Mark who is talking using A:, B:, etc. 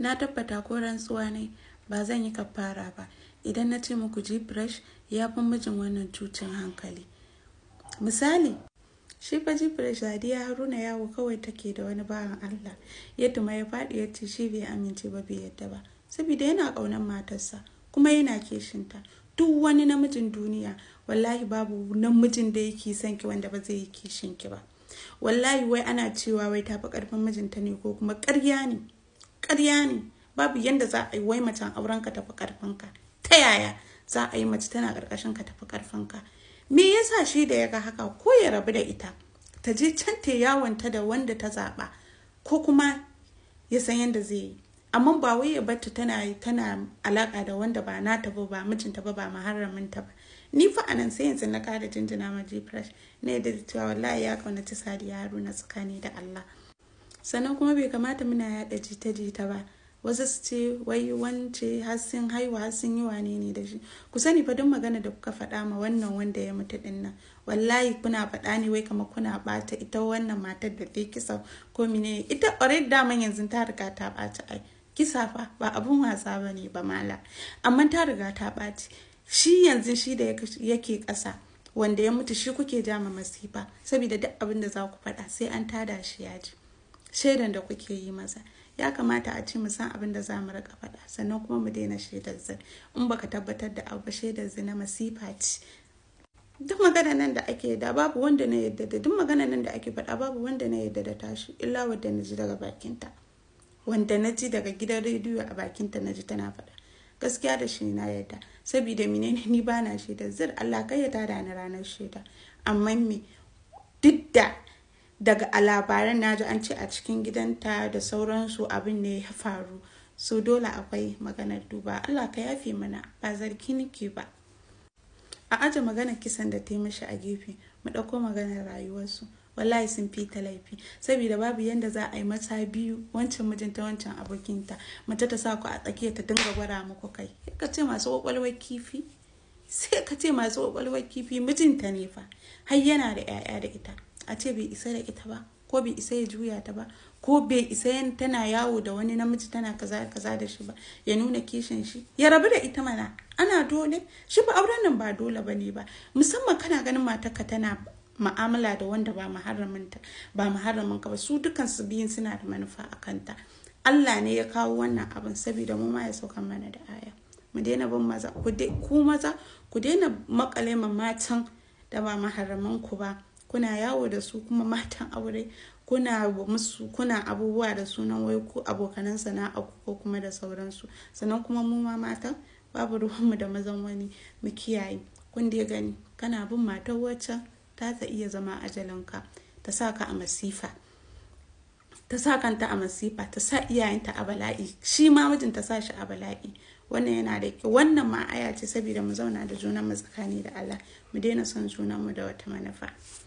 A: na tabbata ko rantsuwa ne ba zan yi kafara ba idan na ce muku brush ya fi mijin wannan cucin hankali misali shi fa jibrish ya haruna yawo kawai take da wani bawan allah yadda ya faɗi ya ce shi bai amince ba bai yadda ba saboda yana ƙaunar matarsa kuma yana keshinta duk wani namijin duniya wallahi babu namijin da yake son ki wanda ba zai yi kishin ki ba wallahi wai ana cewa wai tafi karfin mijinta ne ko kuma ƙarya ne ƙarya ne babu yanda za a yi wai macen auren ka tafi ƙarfinka. ta yaya za a yi mace tana ƙarƙashin ka tafi ƙarfinka. me yasa shi da ya ga haka ko ya rabu da ita ta je can ta yawonta da wanda ta zaɓa ko kuma ya san yanda zai yi amma ba wai ya barta tana tana alaka da wanda ba nata ba ba mijinta ba ba muharramin ta ba ni fa anan sai yanzu na kada jinjina ma ji fresh ne da cewa wallahi ya kaunaci Sadiya Haruna tsakani da Allah sannan kuma bai kamata muna yada jita-jita ba wasu su ce wai wance har sun haihuwa har sun yi wane ne da shi ku sani fa duk magana da kuka faɗa ma wannan wanda ya mutu din nan wallahi kuna faɗa ne wai kamar kuna bata ita wannan matar da ta kisa ko mine ita already daman yanzu ta riga ta ɓaci ai kisa fa ba abun wasa ba ne ba mala amma ta riga ta ɓaci shi yanzu shi da yake ƙasa wanda ya mutu shi kuke jama masifa saboda duk abin da za ku faɗa sai an tada shi yaji shaidan da kuke yi masa ya kamata a ce mu san abin da za mu rika faɗa sannan kuma mu daina shaidar zina in baka tabbatar da abu shaidar zina masifa ce duk magana nan da ake da babu wanda na yadda da duk magana nan da ake faɗa babu wanda na yadda da tashi illa wanda na ji daga bakinta wanda na ji daga gidan rediyo a bakinta na ji tana faɗa gaskiya da shi na yadda saboda menene ni bana na zir Allah kai ya tada ni ranar shaida amma me duk da daga a labaran na ji an ce a cikin gidanta da sauransu abin ne ya faru so dole akwai maganar duba allah ka yafe mana ba zargi nake ba a aje maganar kisan da ta yi mashi a gefe mu ɗauko maganar rayuwarsu wallahi sun fi ta laifi saboda babu yadda za a yi mata biyu wancan mijinta wancan abokinta mace ta sa ku a tsakiya ta dinga gwara muku kai ka ce masu kwakwalwar kifi sai ka ce masu kwakwalwar kifi mijinta ne fa har yana da 'ya'ya da ita a ce bai isa da ita ba ko bai isa ya juya ta ba ko bai isa yin tana yawo da wani namiji tana kaza kaza da shi ba ya nuna kishin shi ya rabu da ita mana ana dole shi ba auren nan ba dole bane ba musamman kana ganin matarka tana ma'amala da wanda ba ta ba muharramin ka ba su dukan su biyun suna da manufa a kanta Allah ne ya kawo wannan abin saboda mu ma ya sauka mana da aya mu daina bin maza ku maza ku daina makale ma matan da ba muharramin ku ba kuna yawo da su kuma matan aure kuna musu kuna abubuwa da sunan wai ku abokanan sana'a ko kuma da sauransu sannan kuma mu ma matan babu ruwanmu da mazan wani mu kiyaye kun dai gani kana bin matar wacce ta ta iya zama ajalinka ta sa ka a masifa ta sa kanta a masifa ta sa iyayenta a bala'i shi ma mijin ta sa shi a bala'i wannan yana da ke wannan ma aya ce saboda mu zauna da mu tsakani da Allah mu daina son mu da wata manufa